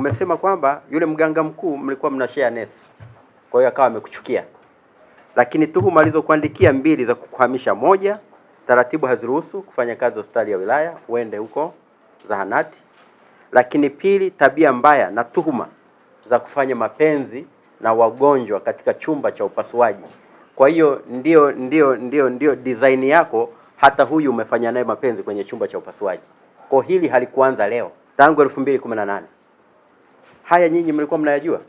umesema kwamba yule mganga mkuu mlikuwa mna share nesi, kwa hiyo akawa amekuchukia, lakini tuhuma alizokuandikia mbili za kukuhamisha, moja, taratibu haziruhusu kufanya kazi hospitali ya wilaya, uende huko zahanati, lakini pili, tabia mbaya na tuhuma za kufanya mapenzi na wagonjwa katika chumba cha upasuaji. Kwa hiyo ndio ndio ndio ndio design yako, hata huyu umefanya naye mapenzi kwenye chumba cha upasuaji. Kwa hili halikuanza leo, tangu 2018 haya nyinyi mlikuwa mnayajua?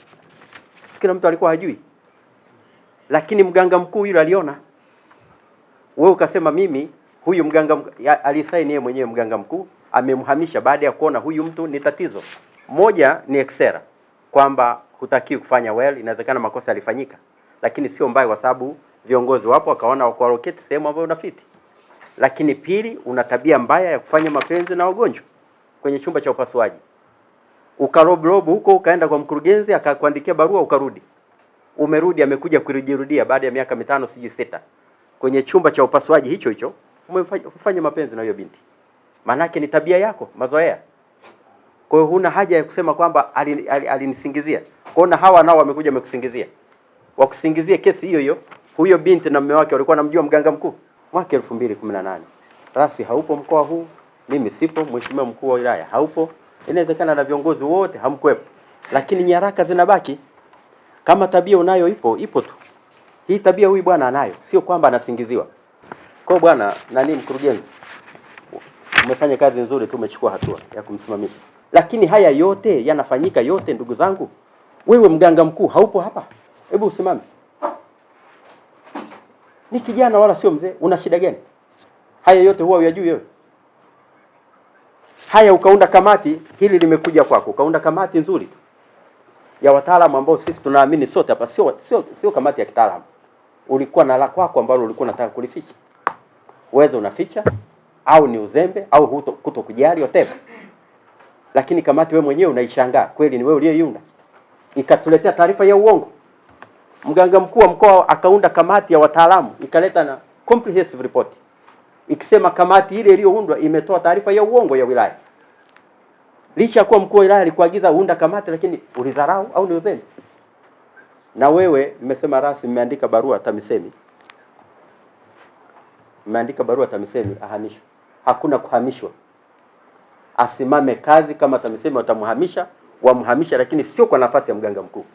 Kila mtu alikuwa hajui, lakini mganga mkuu yule aliona. Wewe ukasema mimi huyu mganga alisaini yeye mwenyewe, mganga mkuu amemhamisha baada ya kuona huyu mtu ni tatizo. Moja ni eksera kwamba hutakiwi kufanya well, inawezekana makosa yalifanyika, lakini sio mbaya, kwa sababu viongozi wapo wakaona wakualoketi sehemu ambayo unafiti. Lakini pili, una tabia mbaya ya kufanya mapenzi na wagonjwa kwenye chumba cha upasuaji ukarobrobu huko, ukaenda kwa mkurugenzi akakuandikia barua, ukarudi, umerudi, amekuja kujirudia baada ya miaka mitano sijui sita, kwenye chumba cha upasuaji hicho hicho umefanya mapenzi na hiyo binti. Maanake ni tabia yako, mazoea. Kwa hiyo huna haja ya kusema kwamba alinisingizia ali, ali kwao, na hawa nao wamekuja wamekusingizia, wakusingizie kesi hiyo hiyo. Huyo binti na mume wake walikuwa namjua mganga mkuu. Mwaka 2018 rasi haupo mkoa huu, mimi sipo, mheshimiwa mkuu wa wilaya haupo inawezekana na viongozi wote hamkuwepo, lakini nyaraka zinabaki. Kama tabia unayo ipo ipo tu, hii tabia huyu bwana anayo, sio kwamba anasingiziwa. Kwa bwana nani, mkurugenzi, umefanya kazi nzuri tu, umechukua hatua ya kumsimamisha, lakini haya yote yanafanyika yote, ndugu zangu. Wewe mganga mkuu haupo hapa, hebu usimame. Ni kijana wala sio mzee, una shida gani? Haya yote huwa uyajui wewe? Haya, ukaunda kamati, hili limekuja kwako, ukaunda kamati nzuri tu ya wataalamu ambao sisi tunaamini sote hapa, sio sio sio kamati ya kitaalamu. Ulikuwa na la kwako ambalo ulikuwa unataka kulificha, wewe unaficha, au ni uzembe au huto, kuto kujali whatever, lakini kamati we mwenyewe unaishangaa, kweli ni wewe uliyeiunda, ikatuletea taarifa ya uongo. Mganga mkuu wa mkoa akaunda kamati ya wataalamu ikaleta na comprehensive report ikisema kamati ile iliyoundwa imetoa taarifa ya uongo ya wilaya, licha ya kuwa mkuu wa wilaya alikuagiza uunda kamati, lakini ulidharau au ni uzembe. Na wewe nimesema rasmi, mmeandika barua TAMISEMI, mmeandika barua TAMISEMI ahamishwe. Hakuna kuhamishwa, asimame kazi. Kama TAMISEMI watamhamisha, wamhamisha, lakini sio kwa nafasi ya mganga mkuu.